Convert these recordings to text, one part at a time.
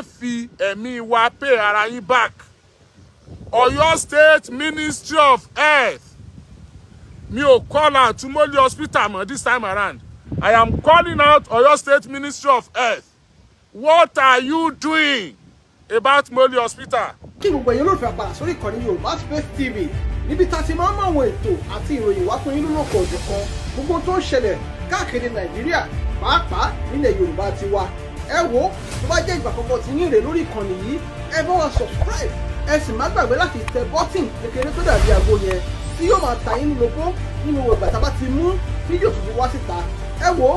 má fi ẹ̀mí wa pay ara yín back Ọ̀yọ́ State Ministry of Health mi ò call out to hospital mọ́ this time around I am calling out Ọ̀yọ́ State Ministry of Health what are you doing about Molly hospital. kí gbogbo ẹ̀yin olóòfẹ́ àpàdà sórí ìkànnì Yorùbá Space TV níbi tá a ti máa ń mọ àwọn ètò àti ìròyìn wá fún yín lọ́nà kan gbogbo tó ń ṣẹlẹ̀ káàkiri Nàìjíríà pàápàá nílẹ̀ Yorùbá tiwa ẹ wo tó bá jẹ́ ìgbà àkọ́kọ́ tí yín rè lórí ìkànnì yìí ẹ bá wa subscribe ẹ sì má gbàgbé láti tẹ bọ́tìn kékeré tó dàbí àgbo yẹn tí yóò máa ta yín lóko ní gbogbo ìgbà tá a bá ti mú fídíò tuntun wá síta ẹ wo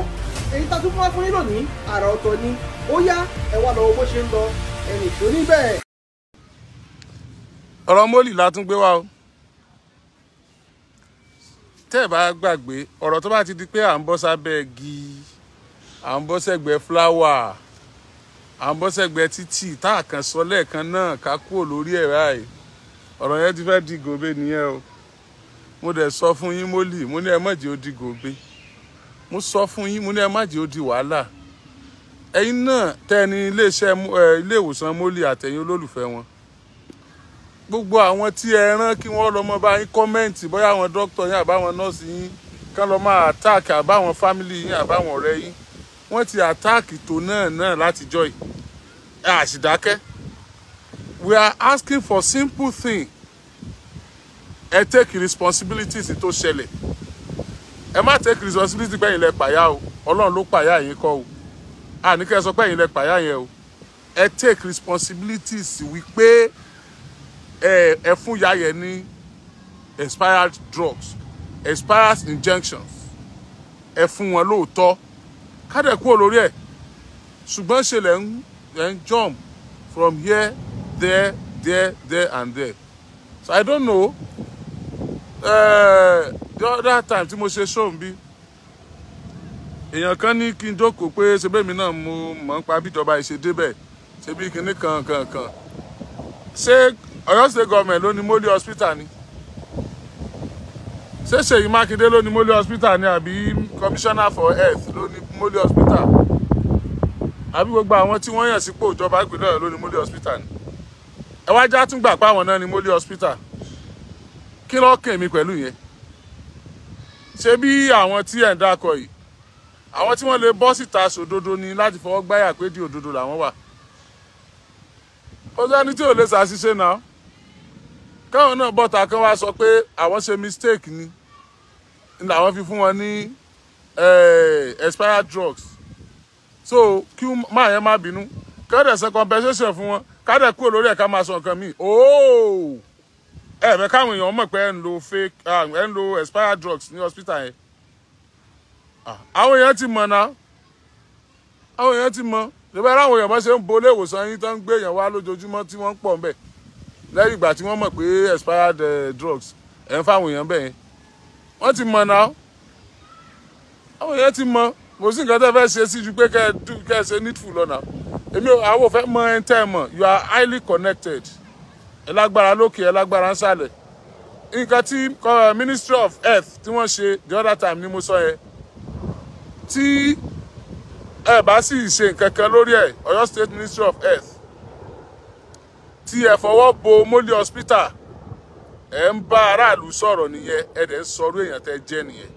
èyí tá a tún fún wa fún yín lónìí àrà ọ̀tọ̀ ni ó yá ẹ wá lọ bó ṣe ń lọ ẹnì tó ní bẹ́ẹ̀. ọ̀rọ̀ mólì la tún gbé wá o tẹ́ ẹ̀ bá gbàgbé ọ̀rọ̀ tó bá ti di pé à ń bọ́ sábẹ́ igi à ń bọ́ sẹ́gbẹ̀ẹ́ fúláwà à ń bọ́ sẹ́gbẹ́ títì tá a kàn sọ lẹ́ẹ̀kan náà ká kúrò lórí ẹ̀ báyìí ọ̀rọ̀ yẹn ti fẹ́ di gòbe nìyẹn o mo dẹ̀ sọ fún yín mólì mo ní ẹ má jẹ́ ó di gòbe mo sọ fún yín mo ní ẹ má jẹ́ ó di wàhálà ẹ̀yin náà tẹ́ni iléeṣẹ́ ilé ìwòsàn mólì àtẹ̀yin olólùfẹ́ wọn gbogbo àwọn tí ẹ rán kí wọ́n lọ mọ bá yín kọ́mẹ́ǹtì bóyá àwọn dókítà yín àbáwọn nọ́ọ̀sì yín kán lọ máa àtáàkì àbáwọn fámìlì yín àbáwọn ọ̀rẹ́ yín wọ́n ti àtáàkì tó náà náà látijọ́ yìí àṣìdákẹ́ we are asking for simple thing ẹ take responsibility sí tó ṣẹlẹ̀ ẹ má take responsibility pẹ́yìn lẹ pàyà o ọlọ́run ló pàyà yín kọ́ o àníkẹ́ sọ pẹ́yìn lẹ pàyà yẹn o ẹ take responsibility sí wípé ẹ ẹ fún ya ní expired drugs expired injections ẹ fún wọn lóòótọ́ kádẹ̀ kúrò lórí ẹ̀ ṣùgbọ́n ṣe lẹ̀ ń jump from here there there there and there so I don't know uh, the other time tí mo ṣe show n bí èèyàn kan ní kí n jókòó pé ṣebí mi náà mo mọ̀ ń pa bíjọba ìṣe débẹ̀ ṣebí kinní kan kan kan ṣé Ọ̀yọ́ state government ló ní mólí hospital ni ṣé Ṣèyí Mákindé ló ní mólí hospital ni àbí commissioner for health ló ní múlẹ̀ hospital àbí gbogbo àwọn tí wọ́n yàn sípò ìjọba ìpínlẹ̀ ọ̀yọ́ ló ní múlẹ̀ hospital ni ẹ wá já tún gbà pé àwọn náà ní múlẹ̀ hospital kí lọ́ọ́ kàn mí pẹ̀lú yẹn ṣé bí àwọn tí ẹ̀ ń dákọ̀ yìí àwọn tí wọ́n lè bọ́ síta sòdodo ni láti fọwọ́ gbáyà pé di òdodo làwọn wà ó sẹ́ni tí ò lè ṣàṣìṣe náà káwọn náà bọ́ta kan wá sọ pé àwọn ṣe mistake ni làwọn fi fún wọn ní. Ni Eh, expired drugs so kí máa yẹn má bínú kẹ́dẹ̀ ṣe compensation fún wọn kádẹ̀ kúrò lórí ẹ̀ ká máa sọ nǹkan míì ooo oh! ẹ fẹ́ káwọn èèyàn mọ̀ pé ẹ ń lo fake ẹ ń lo expired drugs ní hospital yẹn àwọn èèyàn ti mọ̀ náà àwọn èèyàn ti mọ̀ ṣùgbọ́n láwọn èèyàn bá ṣe ń bolé ìwòsàn yín tán ń gbé èèyàn wá lójoojúmọ́ tí wọ́n ń pọ̀ ń lẹ́yìn ìgbà tí wọ́n mọ̀ pé expired eh, drugs ẹ̀ ń fáwọn èèyàn bẹ̀ yẹn wọ́n ti mọ̀ náà àwọn èèyàn ti mọ kò sí nǹkan tẹ́ fẹ́ ṣe sí ju pé kẹ́ ẹ ṣe needful lọ́nà èmi àwọn òfẹ́ mọ ẹni tẹ́ ẹ mọ̀ you are highly connected ẹ lágbára lókè ẹ lágbára ń sàlẹ̀ nǹkan tí ministry of health tí wọ́n ṣe the other time ni mo sọ yẹn tí ẹ bá sì ṣe nǹkan kan lórí ẹ Ọ̀yọ́ state ministry of health tí ẹ fọwọ́ bo moli hospital ẹ ń bá aráàlú sọ̀rọ̀ nìyẹn ẹ dẹ̀ ń sọrú èèyàn tẹ́ jẹ́ nìyẹn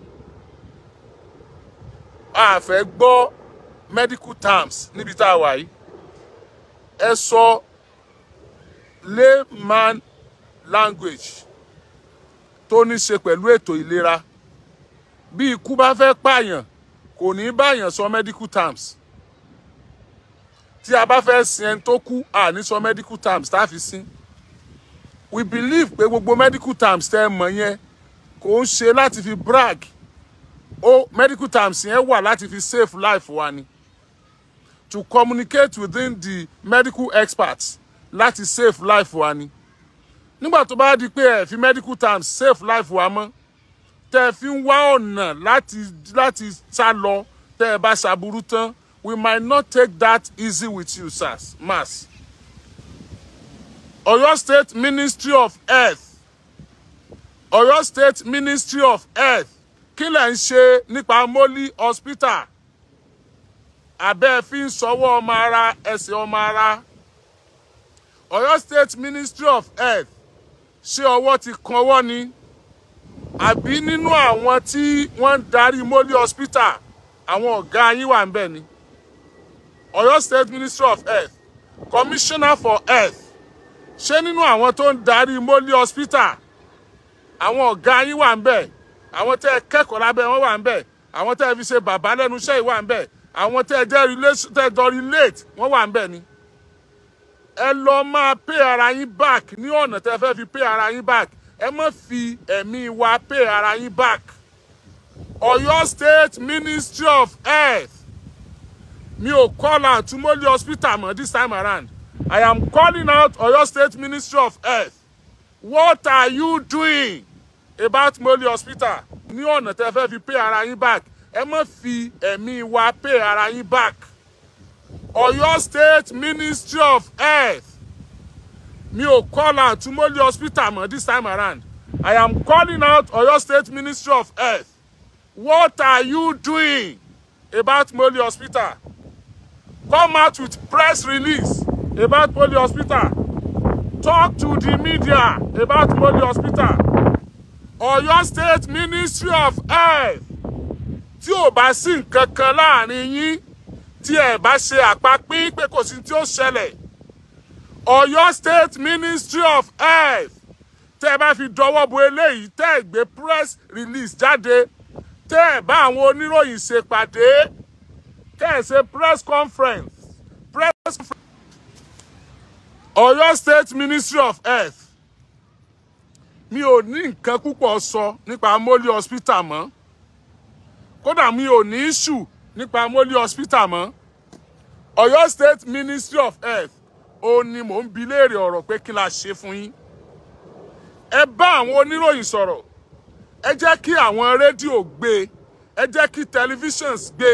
a fẹ́ gbọ́ medical terms níbi tá a wà yìí ẹ sọ layman language tó ní ṣe pẹ̀lú ètò ìlera bí ikú bá fẹ́ pààyàn kò ní báyàn sọ medical terms tí a bá fẹ́ sin ẹni tó kú a ní sọ medical terms tá a fi sin we believe pé gbogbo medical terms tẹ́ ẹ mọ̀ yẹn kò ń ṣe láti fi brag ó medical terms yẹn wà láti fi save life wa ni to communicate within the medical experts láti save life wa ni nígbà tó bá di pé ẹ fi medical terms save life wa mọ́ tẹ́ ẹ fi ń wá ọ̀nà láti láti sá lọ tẹ́ bá ṣàbúrú tán we might not take that easy with you sars mars Oyo State Ministry of Health Oyo State Ministry of Health kí lẹ̀ ń ṣe nípa mọ́lí hospital abẹ́ fi ń sọwọ́ ọmọ ara ẹsẹ̀ ọmọ ara Ọ̀yọ́ State Ministry of Health ṣé ọwọ́ ti kanwọ́ ni àbí nínú àwọn tí wọ́n ń darí mọ́lí hospital àwọn ọ̀gá yín wà ń bẹ̀ ni Ọ̀yọ́ State Ministry of Health Commissioner for Health ṣé nínú àwọn tó ń darí mọ́lí hospital àwọn ọ̀gá yín wà ń bẹ̀ ni àwọn tẹ́ ẹ kẹ́kọ̀ọ́ lábẹ́ wọn wà ń bẹ̀ àwọn tẹ́ ẹ fi ṣe bàbá lẹ́nu iṣẹ́ ìwà ń bẹ̀ àwọn tẹ́ ẹ jẹ́ tẹ́ ẹ jọ relate wọ́n wà ń bẹ̀ ni. ẹ lọ máa pay ara yín back ní ọ̀nà tẹ́ ẹ fẹ́ fi pay ara yín back ẹ má fi ẹ̀mí wa pay ara yín back. Ọ̀yọ́ State Ministry of Health mi ò call out Tumoli hospital mọ́ this time around I am calling out Oyo State Ministry of Health what are you doing? about Moli hospital ní ọ̀nà tẹ́ fẹ́ fi pay ara yín back ẹ má fi ẹ̀mí wa pay ara yín back Ọ̀yọ́ State Ministry of Health mi ò call out to Moli hospital mọ́ this time around I am calling out Ọ̀yọ́ State Ministry of Health what are you doing about Moli hospital come out with press release about Moli hospital talk to the media about Moli hospital Ọ̀yọ́ State Ministry of Health tí ò bá sí nǹkan kan láàrin yín tí ẹ bá ṣe àpapín pé kò sí tí ó ṣẹlẹ̀ Ọ̀yọ́ State Ministry of Health tẹ́ ẹ bá fi dọwọ́ bo eléyìí tẹ́ gbé press release jáde tẹ́ ẹ bá àwọn oníròyìn ṣèpàdé tẹ́ ṣe press conference press conference Ọ̀yọ́ State Ministry of Health mi ò ní nǹkan púpọ̀ sọ nípa mólí hospital mọ́ kódà mi ò ní issue nípa mólí hospital mọ́ Ọ̀yọ́ State Ministry of Health ó ní mò ń bi léèrè ọ̀rọ̀ pé kí la ṣe fún yín ẹ bá àwọn oníròyìn sọ̀rọ̀ ẹ jẹ́ kí àwọn rédíò gbé ẹ jẹ́ kí televisions gbé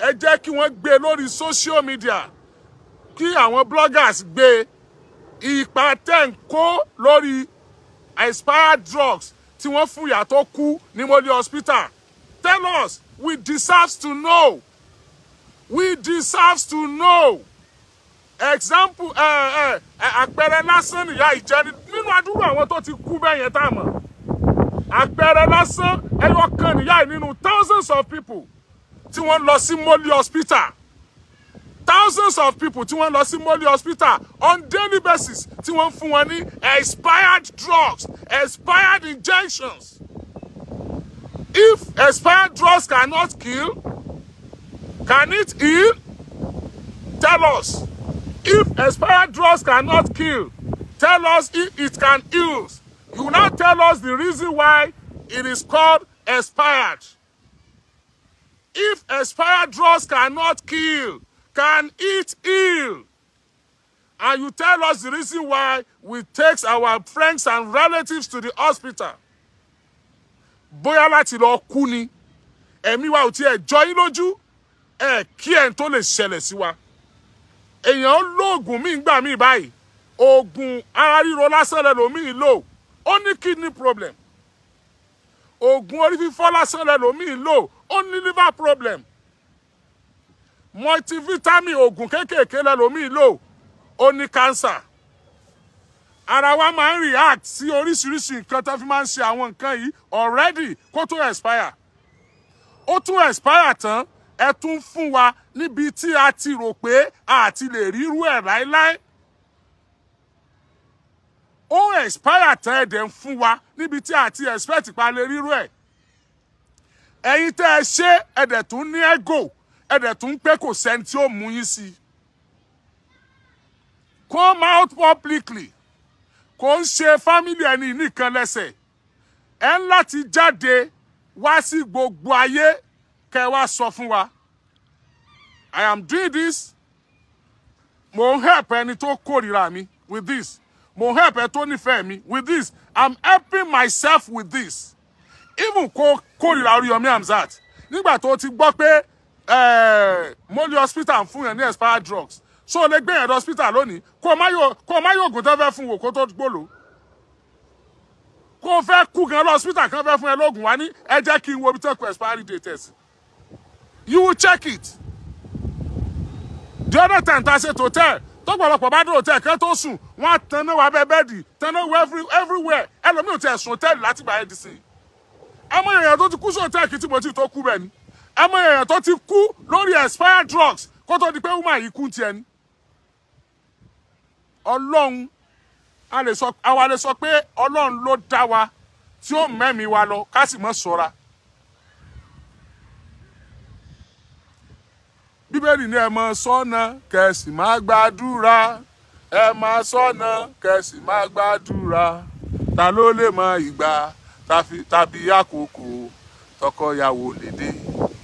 ẹ jẹ́ kí wọ́n gbé lórí social media kí àwọn bloggers gbé ipa tẹ̀ ń kó lórí expired drugs tí wọ́n fún ìyá tó kú ní mọ́lẹ̀ hospital tell us we deserve to know we deserve to know example eh, eh, eh, àpẹẹrẹ lásán nìyá ìjẹni nínú adúrú àwọn tó ti kú bẹ́ẹ̀ yẹn tá a mọ̀ àpẹẹrẹ lásán ẹyọ kan nìyá yìí nínú thousands of people tí wọ́n lọ sí mọ́lẹ̀ hospital thousands of people tí wọ́n lọ sí Molly hospital on daily basis tí wọ́n fún wọn ní expired drugs expired injections if expired drugs cannot kill can it heal tell us if expired drugs cannot kill tell us if it can heal you now tell us the reason why it is called expired if expired drugs cannot kill can it heal? And you tell us the reason why we take our friends and relatives to the hospital. Boya lati lo kuni, emi wa uti e jọ yín e ẹ̀ kí ẹ̀ tó lè ṣẹlẹ̀ sí wa. Èèyàn lóògùn míì gbà míì báyìí, oògùn ara ríro lásán lo lò, ó ní kidney problem. Oògùn orí fífọ́ lásán lo mi lo only liver problem multivitamin oògùn kéékèèké lẹ́lòmíì lò ó ní cancer ara wa máa ń react sí oríṣiríṣi nǹkan tó fi máa ń ṣe àwọn nǹkan yìí already kó tó expire ó tún expire tán ẹ tún fún wa níbi tí a ti rò pé a ti lè rírú ẹ̀ láéláé ó expire tán ẹ ń fún wa níbi tí a ti expect pa lè rírú ẹ̀ ẹ̀yin tẹ́ ẹ ṣe ẹ tún ní ego ẹ̀dẹ̀ tún pé kò sẹ́ni tí ó mú yín sí i come out publicly kò ń ṣe fámìlì ẹni nìkan lẹ́sẹ̀ ẹ̀ ń láti jáde wá sí gbogbo ayé kẹ́ wá sọ fún wa I am doing this mo ń help ẹni tó kórìíra mi with this mo ń help ẹni tó nífẹ̀ẹ́ mi with this I'm helping myself with this even kó kórìíra Oríyọmí Hamzat nígbà tó ti gbọ́ pé. Eh, mọ́lì hospital ń fún yẹn ní expired drugs so o lè gbé yẹn hospital lónìí kó o má yóò gùn tó fẹ́ fún wò kó tó gbòòlò kó fẹ́ kú gan lọ hospital kan fẹ́ fún ẹ lóògùn wá ní ẹ jẹ́ kí n wo ibi tó kù expiry date ẹ̀ sí you will check it the other time ta ṣe hotel tọ́pọ̀lọpọ̀ bá dé hotel kan tó sùn wọ́n á tanná wà bẹ́ẹ̀ bẹ́ẹ̀dì tanná wọ everywhere ẹlòmíràn ti ẹ̀sùn hotel látìgbà ẹ̀ dì sí i ẹ mọ ìrìnàjò tó ti kú sí hotel kìtìmọ̀tì tó kú bẹ́ẹ̀ ni àmọ́ èèyàn tó ti kú lórí expired drugs kó tó di pé woman yìí kú tiẹ̀ ni ọlọ́run àwa lè sọ pé ọlọ́run ló dá wa tí ó mẹ́mìí wa lọ ká sì mọ́ ṣọ́ra. bíbélì ni ẹ máa ṣọ́nà kẹ̀sì máa gbàdúrà ẹ máa ṣọ́nà kẹ̀sì máa gbàdúrà ta ló lè mọ ìgbà tàbí àkókò tọkọyàwó lédè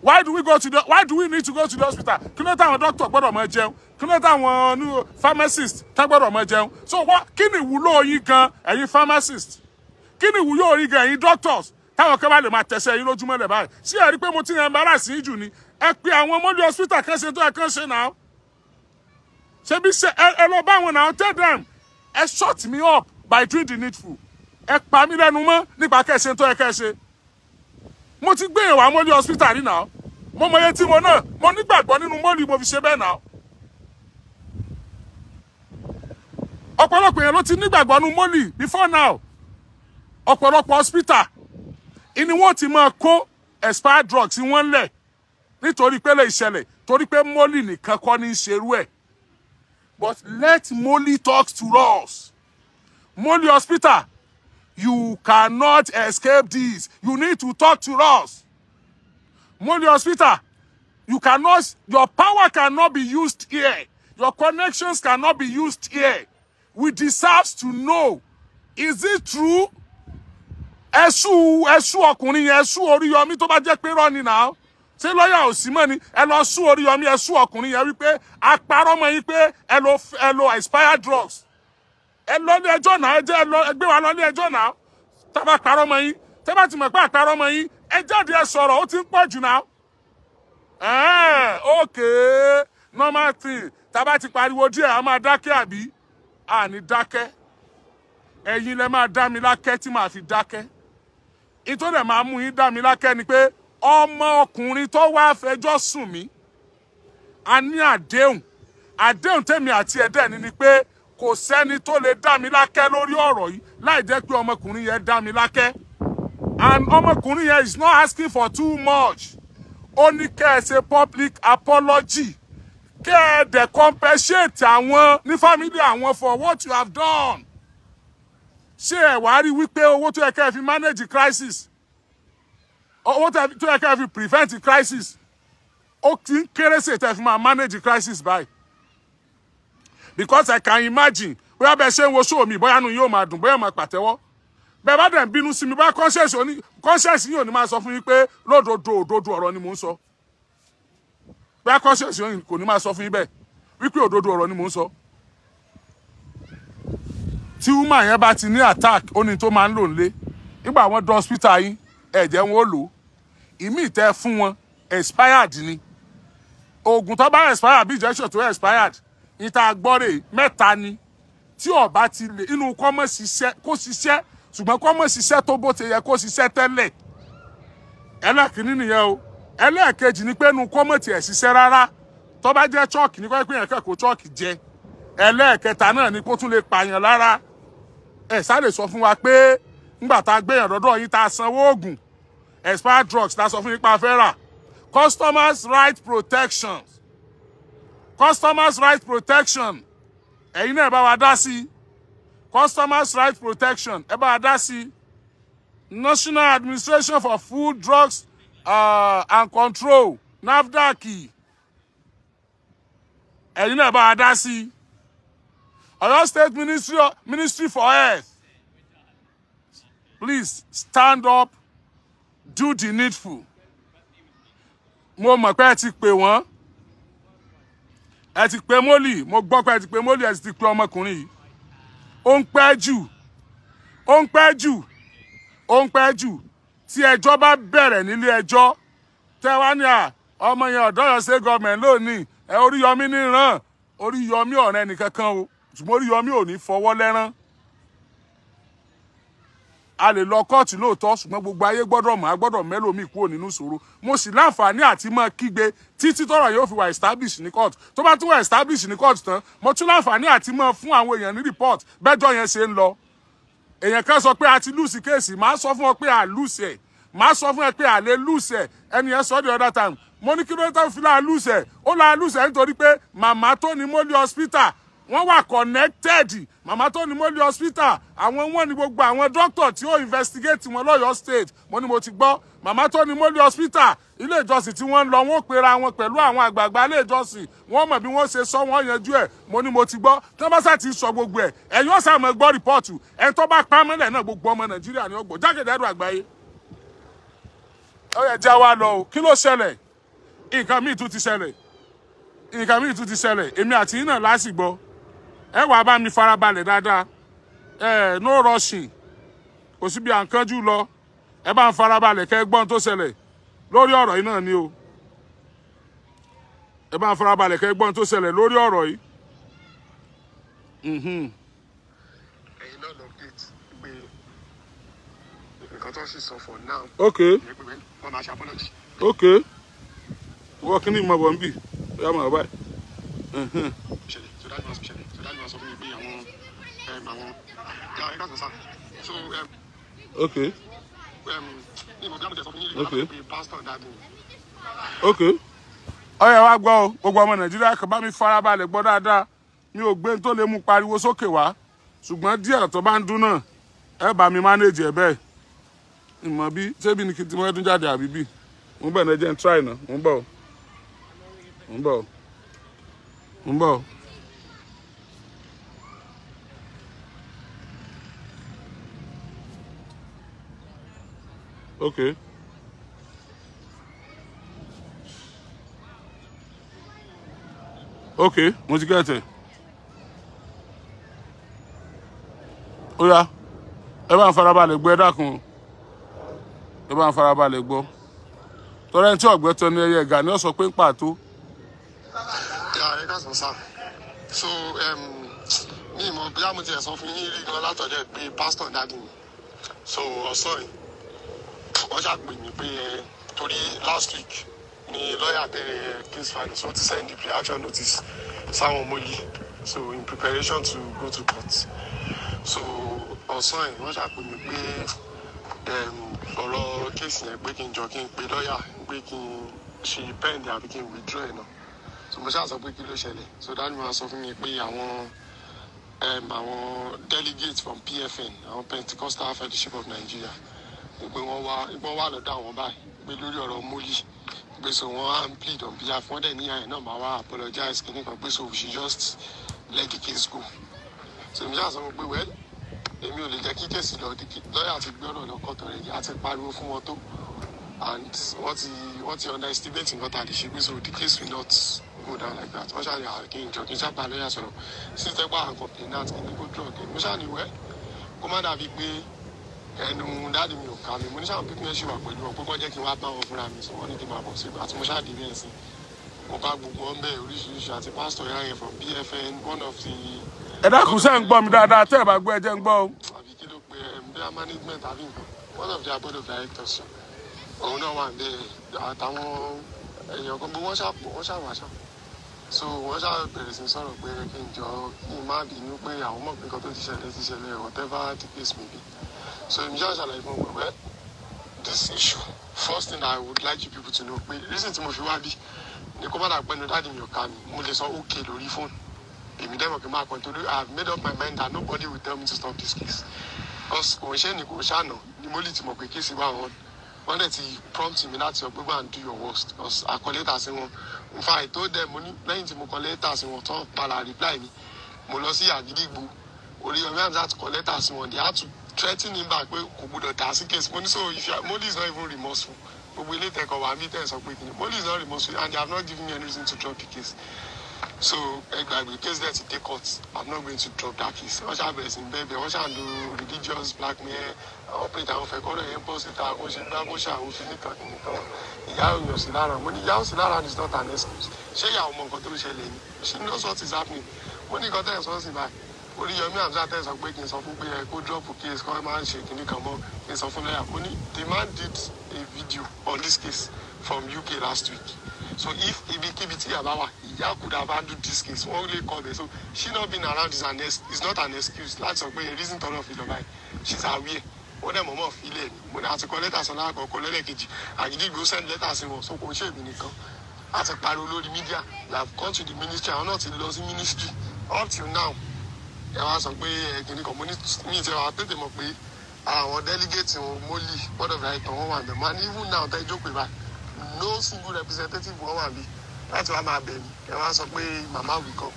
why do we go to the why do we need to go to the hospital kí ló táwọn doctor gbọ́dọ̀ máa jẹun kí ló táwọn new pharmacist tá gbọ́dọ̀ máa jẹun so wọ́n kí ni ìwúlò yín gan ẹ̀yin pharmacist kí ni ìwúlò yín gan ẹ̀yin doctors táwọn kan bá lè máa tẹ̀sẹ̀ yín lójúmọ́ lẹ̀ báyìí sí ẹ̀rí pé mo ti yan embarrass yín jù ni ẹ pe àwọn mọ́lẹ̀ hospital kan ṣe tó ẹ kan ṣe náà ṣebí ṣe ẹ lọ bá wọn náà tell them ẹ shut me up by doing the needful ẹ pa mí lẹ́nu mọ́ nípa kẹ́ ṣe tó ẹ kẹ́ ṣe mo ti gbé ìwà mọ́lì hospital rí náà mo mọ iye tí mo náà mo nígbàgbọ́ nínú mọ́lì mo fi ṣe bẹ́ẹ̀ náà. ọ̀pọ̀lọpọ̀ èèyàn ló ti nígbàgbọ́ nínú mọ́lì before now ọ̀pọ̀lọpọ̀ hospital ìní wọ́n ti máa kó expired drugs wọ́n lẹ̀ nítorí pé lè ṣẹlẹ̀ torí pé mọ́lì nìkan kọ́ ní í ṣerú ẹ̀ but let mọ́lì talk to us mọ́lì hospital You cannot escape this. You need to talk to us. Moli Peter. you cannot, your power cannot be used here. Your connections cannot be used here. We deserve to know. Is it true? Ẹ̀sù ẹ̀sù ọkùnrin yẹn ẹ̀sù Oríyọmí tó bá jẹ́ pé rọ́ ni náà. Ṣé lọ́ọ̀yà ò sí mọ́ ni ẹ lọ sún Oríyọmí ẹ̀sù ọkùnrin yẹn wípé apárọ́mọ yín pé ẹ lo expired drugs ẹ lọ ní ẹjọ́ náà ẹ jẹ́ ẹ lọ ẹ gbé wa lọ ní ẹjọ́ náà tábà parọ́ mọ́ yín tábà ti mọ̀ pé àparọ́ mọ́ yín ẹ jáde ẹ sọ̀rọ̀ ó ti ń pọ̀ jù náà. okay normal thing tábà ti pariwo díẹ̀ a máa dákẹ́ àbí a ní dákẹ́ ẹ̀yin lẹ máa dá mi lákẹ́ tí màá fi dákẹ́ ìtòdẹ̀ máa mú yín dá mi lákẹ́ ni pé ọmọ ọkùnrin tó wá fẹjọ́ sùn mí a ní àdéhùn àdéhùn tèmi àti ẹ̀dẹ́ ni ni pé kò sẹ́ni tó lè dá mi lákẹ́ lórí ọ̀rọ̀ yìí láì jẹ́ pé ọmọkùnrin yẹn dá mi lákẹ́ and ọmọkùnrin yẹn is not asking for too much ó ní kẹ́ ẹ ṣe public apology kẹ́ ẹ dẹ̀ compensate àwọn ní family àwọn for what you have done ṣé ẹ wá rí wípé owó tó yẹ kẹ́ ẹ fi manage crisis owó tó yẹ kẹ́ ẹ fi prevent crisis ó ti ń kéré ṣètẹ́ fi máa manage crisis báyìí because I can imagine bóyá bẹ́ẹ̀ ṣe ń wo show mi bóyá nu yóò máa dùn bóyá máa pàtẹ́wọ́ bẹ́ẹ̀ bá dẹ̀ ń bínú sí mi bá conscience oní conscience yìí ò ní máa sọ fún yín pé lódodo òdodo ọ̀rọ̀ ni mò ń sọ bóyá conscience yìí kò ní máa sọ fún yín bẹ́ẹ̀ wípé òdodo ọ̀rọ̀ ni mò ń sọ tí woman yẹn bá ti ní attack ó ní tó máa ń lò ń lé nígbà wọn dán hospital yín ẹ̀jẹ̀ wọn ò lò ìmí ìtẹ́ fún wọn expired ni oògùn tó bá expired bí injection tó expired ìta gbọ́rẹ̀ mẹ́ta ni tí ọba ti lè inú kọ́mọ̀ ṣiṣẹ́ kó ṣiṣẹ́ ṣùgbọ́n kọ́mọ̀ ṣiṣẹ́ tó bó ti yẹ kó ṣiṣẹ́ tẹ́lẹ̀ ẹlẹ́kìnní nìyẹn o ẹlẹ́ẹ̀kejì ni pé inú kọ́mọ̀ tiẹ̀ ṣiṣẹ́ rárá tó bá jẹ́ chọ́ọ̀kì ní kọ́ pé yẹn kẹ́kọ̀ọ́ chọ́ọ̀kì jẹ ẹlẹ́ẹ̀kẹta náà ni kó tún lè pààyàn lára ẹ̀ sáré sọ fún wa pé ńgbà tá a gbéyàn lọ́dọ̀ yìí tá a sanwó oògùn expired drugs tá a sọ fún yín pa fẹ́ rà customers right protection customers right protection ẹ̀yin náà ẹ bá wa dá sí customers right protection ẹ bá wa dá sí national administration for food drugs uh, and control nafdac ẹ̀yin náà ẹ bá wa dá sí Ọ̀yọ́ state ministry ministry for health please stand up do the needful mo mọ̀ pé ẹ ti pè wọ́n ẹ ti pè mólì mo gbọ́ pé ẹ ti pè mólì ẹ ti pè ọmọkùnrin yìí ó ń pẹ́ jù ó ń pẹ́ jù ó ń pẹ́ jù tí ẹjọ́ bá bẹ̀rẹ̀ nílé ẹjọ́ tẹ́ wá ní à ọmọ yẹn ọ̀dọ́yọ̀ ṣe gọ́ọ̀mẹ̀ lónìí ẹ Oríyọmí níran Oríyọmí ọ̀rẹ́ nìkankan o ṣùgbọ́n Oríyọmí ò ní fọwọ́ lẹ́rán a lè lọ kóòtù lóòótọ́ ṣùgbọ́n gbogbo ayé gbọ́dọ̀ mọ̀ á gbọ́dọ̀ mẹ́lòmíì kúrò nínú ìṣòro mo sì láǹfààní àti mọ́ kígbe títí tọ́rọ̀ yóò fi wà establish ní court tó bá tún wà establish ní court tán mo tún láǹfààní àti mọ́ fún àwọn èèyàn ní report bẹ́jọ́ yẹn ṣe ń lọ èèyàn kan sọ pé a ti lùsì kéèsì màá sọ fún ọ pé à lùsì ẹ̀ màá sọ fún ẹ pé à lè lùsì ẹ̀ ẹni yẹn sọ the other time mo ní kí ló tán fi láà lùsì ẹ̀ ó láà lùsì ẹ̀ nítorí pé màmá tó wọ́n wà connected màmá tó ní mọ́lẹ̀ hospital àwọn wọn ni gbogbo àwọn doctor tí ó investigate wọn lọ́yọ̀ọ́ state mo ní mo ti gbọ́ màmá tó ní mọ́lẹ̀ hospital ilé ìjọsìn tí wọ́n ń lọ wọ́n pera wọn pẹ̀lú àwọn àgbààgbà ilé ìjọsìn wọ́n mọ̀ bí wọ́n ṣe sọ wọ́n yanjú ẹ̀ mo ní mo ti gbọ́ tí wọ́n bá sá ti sọ gbogbo ẹ̀ ẹ̀yin ọ̀sà mọ̀ gbọ́ rìpọ́ọ̀tù ẹ̀ tó bá pa mọ́lẹ̀ náà gbogbo ọmọ nàìjíríà ni ó gbọ́ jákèjádò àgbáyé. ó yẹ já wa lọ o kí ló ṣẹlẹ̀ nǹkan míì tún ti ṣẹlẹ̀ nǹkan míì tún ti ṣẹlẹ̀ èmi àti yín náà lásìgbọ́ e wa mi fara dada eh no rushing ko si bi ankan lo e ba fara balẹ ke to sele lori oro ina ni o e ba fara balẹ ke to sele lori oro yi mhm okay okay working in my bombi yeah my bye náà sọ fún mi pé àwọn àwọn ya ẹ̀ka sọ̀sà so. ok. ìmọ̀ wa gbọ́ o gbogbo ọmọ nàìjíríà kan bá mi farabalẹ̀ gbọ́ dáadáa mi ò gbé tó lè mú pariwo sókè wá ṣùgbọ́n díẹ̀ tó bá ń dún náà ẹ bá mi manage ẹ bẹ́ẹ̀ ìmọ̀ bí ṣébi ni kí tí jáde àbí bí mo bẹ̀ ní ẹ ń try náà mo ń bọ̀ mo ń bọ̀ mo ń bọ̀. Okay. Okay, mo ti gẹ́tẹ̀. E. Ó yá, ẹ bá ń farabalẹ̀ gbọ́ ẹ dákun. Ẹ bá ń farabalẹ̀ gbọ́. Tọ́lá ẹni tí ọ̀gbẹ́ tọ́ ní ẹyẹ ẹ̀gà ni ó sọ pé ń pàtó. Ẹ ká sọ sáà. So, mi ìmọ̀ bí a mo ti ẹ̀ sọ fún yín rí gan látọ̀dẹ̀ pé pásítọ̀ dáàdì mi. So, ọ̀sán yìí wọ́n ṣàpè mí pé torí last week ni lọ́ọ̀yà bẹ̀rẹ̀ case file so ti send the pre notice sáwọn ọmọ yìí so in preparation to go to court so ọ̀sán ẹ̀ wọ́n ṣàpè mí pé um, ọ̀rọ̀ kéèsì yẹn pé kí n jọ kí n pe lọ́ọ̀yà pé kí n ṣe pẹ́ǹdì àbí kí n withdraw ẹ̀ náà so mo ṣáà sọ pé kí ló ṣẹlẹ̀ so dáàbò máa sọ fún mi pé àwọn um, àwọn delegates from PFN àwọn Pentecostal Fellowship of Nigeria pé wọ́n wá wọ́n wà lọ́dọ̀ àwọn báyìí pé lórí ọ̀rọ̀ mólì pé so wọ́n á ń plead on behalf wọ́n dẹ̀ níyàn náà máa wá apologize kìíní kan pé so we should just let the case go so mi yà sọ pé well èmi ò lè jẹ́ kí kèsì lọ lọ́yà ti gbé ọ̀rọ̀ lọ́kọ̀ tó rẹ̀ yìí àti pariwo fún wọn tó and wọ́n ti wọ́n ti underestimate nǹkan tá a lè ṣe pé so the case will not go down like that wọ́n ṣàlẹ̀ àrùn kí n jọ kí n sábà lọ́yà sọ̀rọ̀ sí tẹ́gbà àǹkọ̀pẹ̀ náà kí n ní kó dùn ọ̀gẹ̀ mo ṣàlẹ̀ wẹ́ kó má dàbí pé ẹnu dáàdi mi ò ká mi mo ní sáwọn pípín ẹṣin wà pẹ̀lú ọ púpọ̀ jẹ́ kí n wá bá wọn fúnra mi sọ wọ́n ní kí n máa bọ̀ síbi àti mo ṣáàdì bẹ́ẹ̀ sí mo bá gbogbo ọ́n bẹ́ẹ̀ oríṣiríṣi àti pásítọ̀ yára yẹn from BFN one of the. ẹ dákun ṣé ń gbọ́ mi dáadáa tẹ́ ẹ bá gbọ́ ẹ jẹ́ ń gbọ́ o. àbí kí ló pe mbia um, management àbí nǹkan one of the board of directors òun náà wà bẹ́ẹ̀ àtàwọn èèyàn kan bí wọ́n ṣàwàṣà so wọ́n ṣá bẹ̀rẹ̀ sí sọ̀rọ̀ pé kí n jọ kí n má bínú pé àwọn mọ̀ pé nǹkan tó ti ṣẹlẹ̀ ti ṣẹlẹ̀ whatever the case may be so I'm just ṣàlàyé fún wọn pé this issue first thing i would like you people to know pé reason tí mo fi wá bí ni kó má dà pẹ́nu dáàdì mi ò ká mi mo lè sọ ok lórí fóònù èmi dẹ́mọ̀ kí n máa kọ́ńtólú i have made up my mind that nobody will tell me to stop this case because kò ń ṣe ni kò ṣàná ni mo lè ti mọ̀ pé kéèsì wà wọ́n wọ́n dẹ̀ ti prompt mi láti ọgbẹ́ bá ń do your worst because i kọ lẹ́tà sí wọn in fact i told them mo ní lẹ́yìn tí mo kọ lẹ́tà sí wọn tán padà reply mi mo lọ sí àgídìgbò orí ọmọ mi àti kọ lẹ́tà sí wọn they had to threatening him back pé kò gbọdọ̀ dá sí case mo ní so if Modi is not even remorseful gbogbo ilé ìtẹ̀kọ̀ wà mí tẹ̀ sọ pé kìnìún Modi is not remorseful and they have not given me any reason to drop the case so ẹ case there to take court I'm not going to drop that case wọ́n ṣáà bẹ̀rẹ̀ sí bẹ́ẹ̀ bẹ́ẹ̀ wọ́n ṣáà lo religious blackmail ọ̀pẹ̀tà àwọn fẹ̀kọ́rọ̀ yẹn bọ́ síta ó ṣe gbá bó ṣáà ó fi nìkan nìkan ìyá òyìn òsì lára mo ní ìyá òsì lára is not an excuse ṣé ìyá ọmọ nǹkan tó ń ṣẹlẹ̀ ni she knows what is happening mo ní nǹkan tẹ̀ sọ́ọ́sì báyìí oríyọmí hamzat sọ pé kí n sọ fún pé ẹ kó dọ́ọ̀pù case kọ́ máa ń ṣe kínní kan mọ́ kí n sọ fún lẹ́yà ó ní the man did a video on this case from uk last week so if ibikíbi tí yàrá wà ìyá could have handled this case wọ́n lè kọ́ bẹ́ẹ̀ so she not been around is, an is not an excuse láti sọ pé reason tọ́lọ̀ fi lọ báyìí she is aware wọ́n dẹ̀ mọ̀mọ́ fi ilé ẹ̀ mo ní àti kọ lẹ́tà sọ láàkọ́ kọ lẹ́lẹ́kejì àgídìgbò send lẹ́tà sí wọn so kò ń ṣèbí nìkan àti pariwo lórí mídíà to the ministry àwọn náà ti lọ sí ministry up till now ẹ wá sọ pé ẹgbẹ̀rún kan mo ní mi ti wá tètè mọ̀ pé àwọn delegate wọn mọ́lì board of director wọn wà bẹ̀ mọ́ ní even now tẹ́jọ́ pé bá no single representative wọn wà bí láti wá máa bẹ̀ mí ẹ wá sọ pé màmá wì kan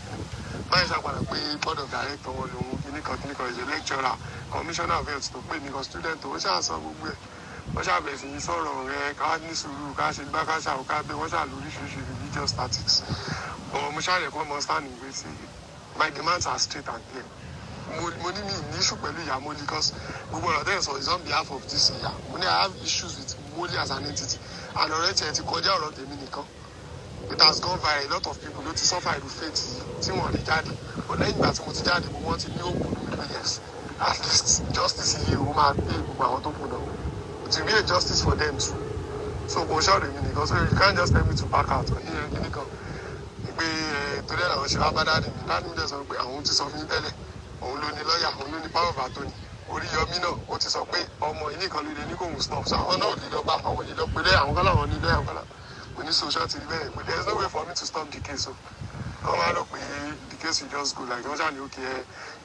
báyìí ṣàpàdà pé board of director wọn lòun kíní kan kíní kan ìṣe lecturer commissioner of health tó pè mí kan student ó ṣàṣọ gbogbo ẹ̀ wọ́n ṣàbẹ̀ sí sọ̀rọ̀ rẹ ká ní sùúrù ká ṣe gbá ká ṣàwọ́ ká bẹ́ wọ́n ṣàlóríṣiríṣi religious tactics ọmọ mo ṣàlẹ̀kọ́ ọmọ stanley wẹ́sẹ̀ my demands are straight and clear mo mo ní mi ní issue pẹ̀lú ìyá Molly because gbogbo ọ̀rọ̀ tẹ̀ so is on behalf of this ìyá mo ní I have issues with Molly as an entity and ọ̀rẹ́ tiẹ̀ ti kọjá ọ̀rọ̀ tèmi nìkan it has gone viral a lot of people ló ti suffer irú fate yìí tí wọ́n jáde but lẹ́yìn ìgbà tí mo ti jáde mo wọ́n ti ní òkú nínú mi yes at least justice yìí ó máa pay gbogbo àwọn tó kù náà to be a justice for them too so kò ṣọ́ọ̀rẹ́ mi nìkan so you can't just tell me to back out ìyẹn kìnnìkan pé torí ẹ̀ ṣe wá bá dáàdì mi dáàdì pé àwọn ti sọ fún mi tẹ́lẹ̀ òun ló ní lọ́ọ̀yà òun ló ní power tó ní Oríyọmí náà ó ti sọ pé ọmọ ilé kan lóde ní kòun stop so àwọn náà nílò bá àwọn nílò pé lẹ́yìn àwọn kọ́láwọn nílò àwọn kọ́lá kò social ti bẹ́ẹ̀ pé there is no way for me to stop the case o wọ́n máa lọ pé the case will just go like wọ́n ṣàní òkè ẹ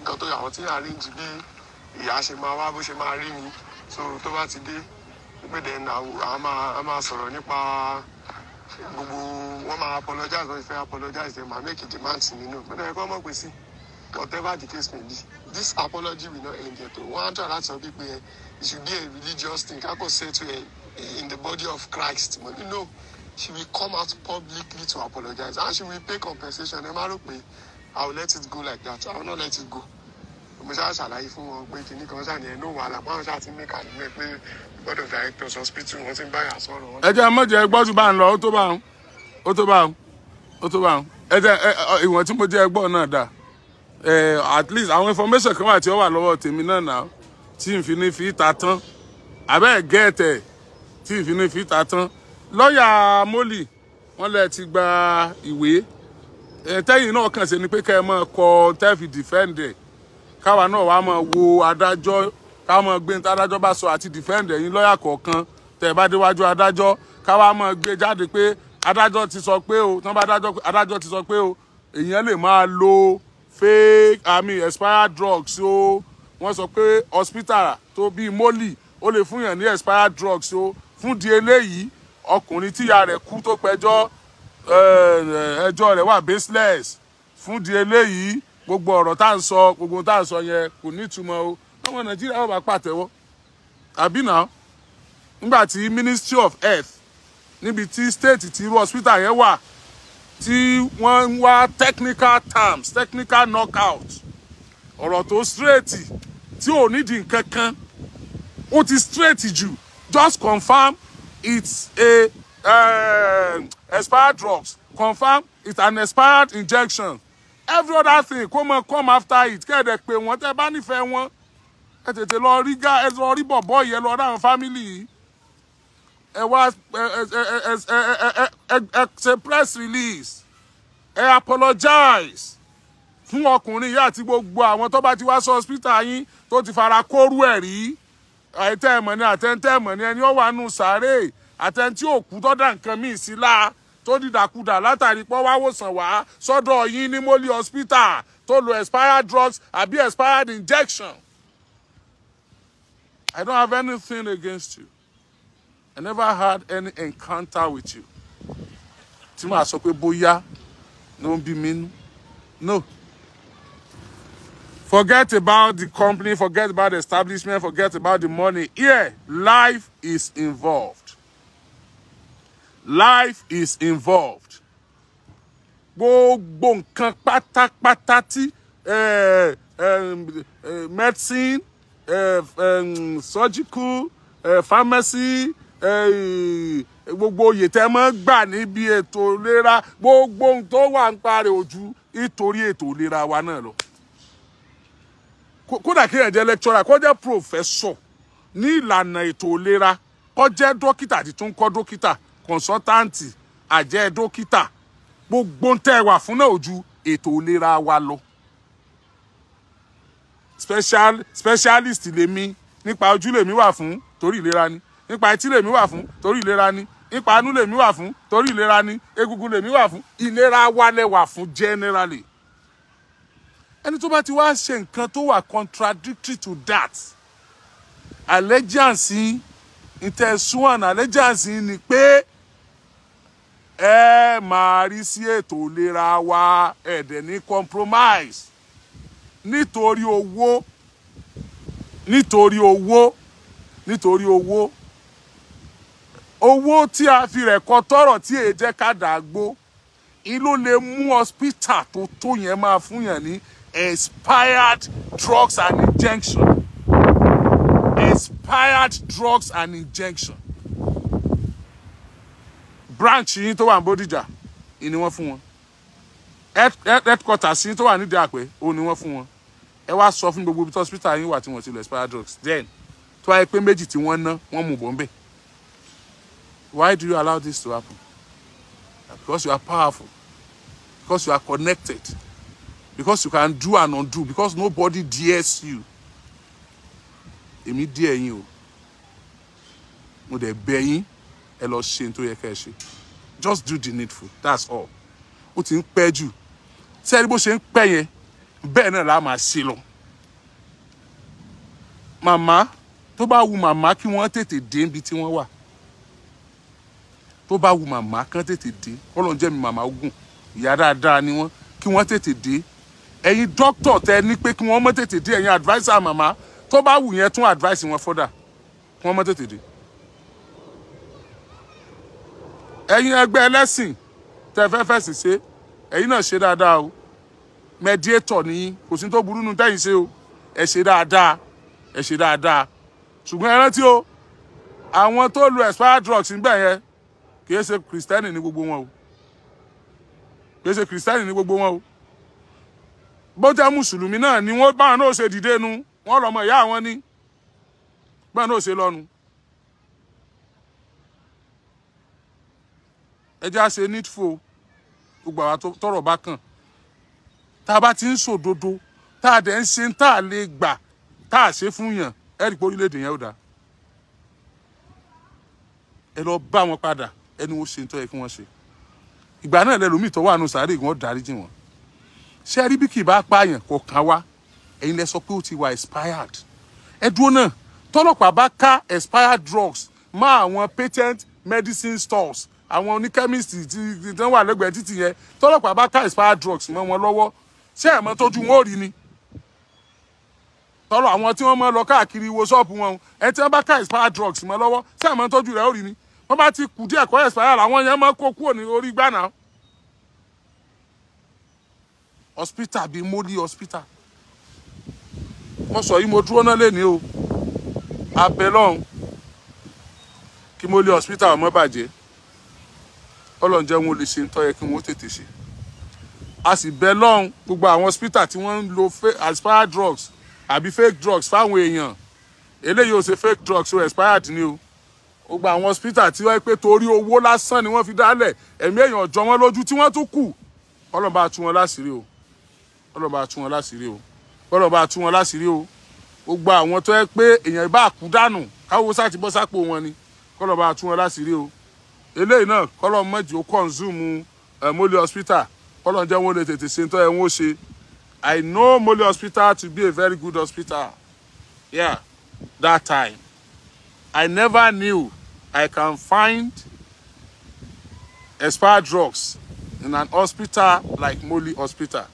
nǹkan tó àwọn tí arrange bí ìyá ṣe máa wá bó ṣe máa rí mi so tó bá ti dé pé then àwọn máa sọ̀rọ̀ nípa gbogbo wọn máa apologize wọn fẹ́ apologize ma make demands nínú gbọ́dọ̀ ẹ kọ mọ pé sí whatever the case may be this apology will not end yet o wọn á tọ́ láti sọ bí pé it should be a religious thing kakọ settle in the body of Christ mo ní no she will come out publicly to apologize and she will pay compensation ẹ má rò pé I will let it go like that I will not let it go mo ṣáà ṣàlàyé fún wọn pé kinní kan ní òun àlàpọ̀ àwọn ṣáà ti pé lọ́dọ̀ directors hospital wọ́n ti ń báyà sọ̀rọ̀ wọn. ẹ jẹ́ mọ̀jẹ̀ gbọ́dù bá ń lọ ó tó bá ń ó tó bá ń ó tó bá ń ẹ jẹ́ ìwọ̀n tí mo jẹ́ gbọ́ náà dà at least àwọn information kan wà tí ó wà lọ́wọ́ tèmi náà náà tí n fi ní fi ta tán abẹ́ gẹ́ẹ̀tẹ̀ tí n fi ní fi ta tán lọ́ọ̀yà mólì wọ́n lẹ ti gba ìwé tẹ́yìn náà kàn sí ni pé kẹ́ ẹ máa kọ tẹ́ẹ̀fì dìfẹ́ǹdẹ̀ káwa náà wàá máa wo adájọ́ ká mọ̀ gbé ní tádájọ́ bá sọ àti defend ẹ̀yin lọ́ọ̀yà kọ̀ọ̀kan tẹ̀ bá déwájú adájọ́ ká wá mọ̀ gbé jáde pé adájọ́ ti sọ pé o tán bá adájọ́ ti sọ pé o èèyàn lè máa lo fake i mean expired drugs o wọ́n sọ pé hospital tó bíi mólì ó lè fún yàn ní expired drugs o fún di eléyìí ọkùnrin tíya rẹ̀ kú tó pẹjọ́ eh, ẹjọ́ rẹ̀ wà baseless fún di eléyìí gbogbo ọ̀rọ̀ tá à ń sọ gbogbo tá à ń sọ yẹn kò nítumọ̀ o àwọn nàìjíríà wà bá pàtẹ́wọ́ àbí náà nígbà tí ministry of health níbi tí state ti irú hospital yẹn wà tí wọ́n ń wá technical terms technical knockout ọ̀rọ̀ tó straight tí ò nídìí nǹkan kan ó ti straight jù just confirm it's a uh, expired drugs confirm it's an expired injection every other thing kó mọ come after it kẹ́ẹ̀dẹ̀ pé wọ́n tẹ́ bá nífẹ̀ẹ́ wọn ẹ tètè lọ rí gá ẹ lọ rí bọ̀bọ̀ yẹn lọ ráhùn fámìlì yìí ẹ wá ẹ ṣe press release ẹ apologize fún ọkùnrin yìí àti gbogbo àwọn tó bá ti wá sí hospital yín tó ti fara kóru ẹ̀ rí àìtẹ́ ẹ̀mọ̀ ni àtẹ́ntẹ́ ẹ̀mọ̀ ni ẹni ó wà nù sàárè àtẹ́ntí òkú tọ́dà nǹkan míì sí láà tó dìdàkudà látàrí pọ́ wá wòsàn wá sọ́dọ̀ yín ní mọ́lì hospital tó lo expired drugs àbí expired injection. I don't have anything against you. I never had any encounter with you. Tí màá sọ pé bóyá ló ń No. Forget about the company, forget about the establishment, forget about the money. Here, life is involved. Life is involved. Gbogbo nǹkan pátápátá eh, eh, eh, medicine uh, um, surgical uh, pharmacy eh, gbogbo oyè tẹ́ mọ́ gbà níbi ètò ìlera gbogbo ohun tó wà ń parẹ́ ojú nítorí ètò ìlera wa náà lọ kódà kí ẹ lecturer kó jẹ́ professor ní ìlànà ètò ìlera kó jẹ́ dókítà tí tún kọ́ dókítà consultant àjẹ́ dókítà gbogbo ń tẹ́ wà fún náà ojú ètò ìlera wa lọ special specialist lèmi nípa ojú lèmi wà fún torí ìlera ni nípa etí lèmi wà fún torí ìlera ni nípa anú lèmi wà fún torí ìlera ni egungun lèmi wà fún ìlera wa lẹ wà fún generally ẹni tó bá ti wá ṣe nǹkan tó wà contradictory to that allegiance ìtẹ̀sùn allegiance ni pé ẹ máa rí sí ètò ìlera wa ẹ̀dẹ̀ ní compromise nítorí owó nítorí owó nítorí owó owó tí a fi rẹ̀ kọ tọrọ tí èyí jẹ́ ká dàgbó ìlú lè mú hospital tó tó yẹn máa fún yẹn ní expired drugs and injection expired drugs and injection branch yín tó wà ní Bódìjà ìní wọ́n fún wọn headquarters yín tó wà nídìí àpè òun ni wọ́n fún wọn ẹ wá sọ fún gbogbo ibi tí hospital yín wà tí wọ́n ti lọ expire drugs then tó wáyé pé méjì tí wọ́n ná wọ́n mú bọ́ why do you allow this to happen because you are powerful because you are connected because you can do and undo because nobody dares you èmi dí ẹ̀yin o mo dẹ̀ bẹ̀ yín ẹ lọ ṣe n tó yẹ ká ẹ ṣe just do the needful that's all ó ti ń pẹ́ jù sẹ́ẹ̀rí bó ṣe ń pẹ́ yẹn bẹ́ẹ̀ náà la máa ṣe lọ. màmá tó bá wu màmá kí wọ́n tètè dé níbi tí wọ́n wà tó bá wu màmá kán tètè dé ọlọ́run mi màmá ogun ìyá dáadáa ni wọ́n kí wọ́n tètè dé ẹ̀yin dókítà tẹ ní pé kí wọ́n mọ́ tètè dé ẹ̀yin adviser màmá tó bá wù yẹn tún advice wọn fọ́dà kí wọ́n mọ́ tètè dé. ẹ̀yin ẹgbẹ́ ẹlẹ́sìn tẹ fẹ́ fẹ̀sìn ṣe ẹ̀yin náà ṣe dáadáa o mediator ni kò sí tó burú nu tẹ́yìn ṣe o ẹ ṣe dáadáa ẹ ṣe dáadáa ṣùgbọ́n ẹ rántí o àwọn tó lu expired drugs nígbà yẹn kì í ṣe kristẹni ní gbogbo wọn o kì í ṣe kristẹni ní gbogbo wọn o bó jẹ́ mùsùlùmí náà ni wọ́n báwọn náà ṣe dìde nu wọ́n lọ́mọ ìyá wọn ní báwọn náà ṣe lọ́nu. ẹ já ṣe needful gbogbo àwa tọ́rọ̀ bá kàn tá a bá ti ń sòdodo tá a dẹ̀ ń ṣe tá a lè gbà tá a ṣe fún yàn ẹ rí i pé orílẹ̀-èdè yẹn ó dáa ẹ lọ bá wọn padà ẹni wo ṣe ń tọ́ yẹ kí wọ́n ṣe ìgbà náà lẹ́lòmíì tó wà nù sàárè wọ́n dáríjì wọn ṣé ẹ rí bí kì í bá pààyàn kò kàn wá ẹ̀yin lẹ sọ pé ó ti wà expired ẹ dúró náà tọ́lọ́pàá bá ká expired drugs mọ́ àwọn patent medicine stores àwọn oníkẹ́míìsì tí tí wọ́n wà lẹ́gbẹ̀ẹ́ títì yẹn tọ́lọ́pàá bá ká expired drugs mọ́ wọn lọ́wọ́ ṣé ẹ̀mọ́ tójú wọn ò rí ni tọ́lọ́ àwọn tí wọ́n mọ́ lọ káàkiri wo ṣọ́ọ̀bù wọn ẹ tí wọ́n bá ká expired drugs mọ́ lọ́wọ́ ṣé ẹ̀mọ́ tójú rẹ̀ ò rí ni wọ́n bá ti kù díẹ̀ kọ́ expired àwọn yẹn mọ́ kó kúrò ní orí gbànà hospital bíi mólí hospital mo sọ yìí mo dúró náà lé ní o abẹ lọ́hùn kí mólí hospital ọmọ bàjẹ́ Ọlọ́run jẹ́ wọn lè ṣe ń tó yẹ kí wọ́n tètè ṣe a sì bẹ lọ́hùn gbogbo àwọn hospital tí wọ́n ń lo expired drugs àbí fake drugs fáwọn èèyàn eléyìí ò ṣe fake drugs o expired ni o gbogbo àwọn hospital tí wọ́n pé torí owó lásán ni wọ́n fi dálẹ̀ ẹ̀mí èèyàn jọ wọ́n lójú tí wọ́n tún kù Ọlọ́run bá tú wọn láṣìírí o Ọlọ́run bá tú wọn láṣìírí o Ọlọ́run bá tú wọn láṣìírí o gbogbo àwọn tó yẹ pé èèyàn bá kú dànù káwọ́ sátibọ́ sápò wọn ni Ọlọ́run bá tú wọn o eléyìí náà kọ́lọ́ mọ́jì ó consume eh, mọ́lẹ̀ hospital kọ́lọ́ jẹ́ wọn lè tètè ṣe tó ẹ̀ wọ́n ṣe I know mọ́lẹ̀ hospital to be a very good hospital yeah that time I never knew I can find expired drugs in an hospital like Moli Hospital.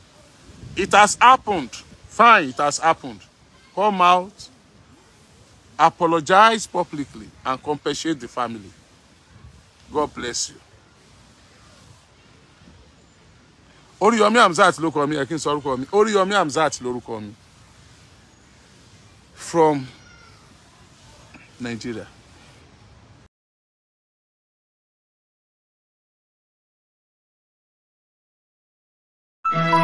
It has happened. Fine, it has happened. Come out, apologize publicly, and compensate the family. God bless you. Oríyọmí Amzat, lórúkọ mi, ẹ kí n sọ orúkọ mi. Oríyọmí Hamzat lórúkọ mi. From Nigeria. thank you